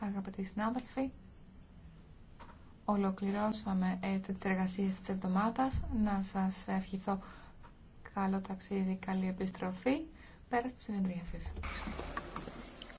Αγαπητοί συνάδελφοι, ολοκληρώσαμε έτσι τις εργασίες της εβδομάδας. Να σας ευχηθώ καλό ταξίδι, καλή επιστροφή πέρα της συνεδρίασης.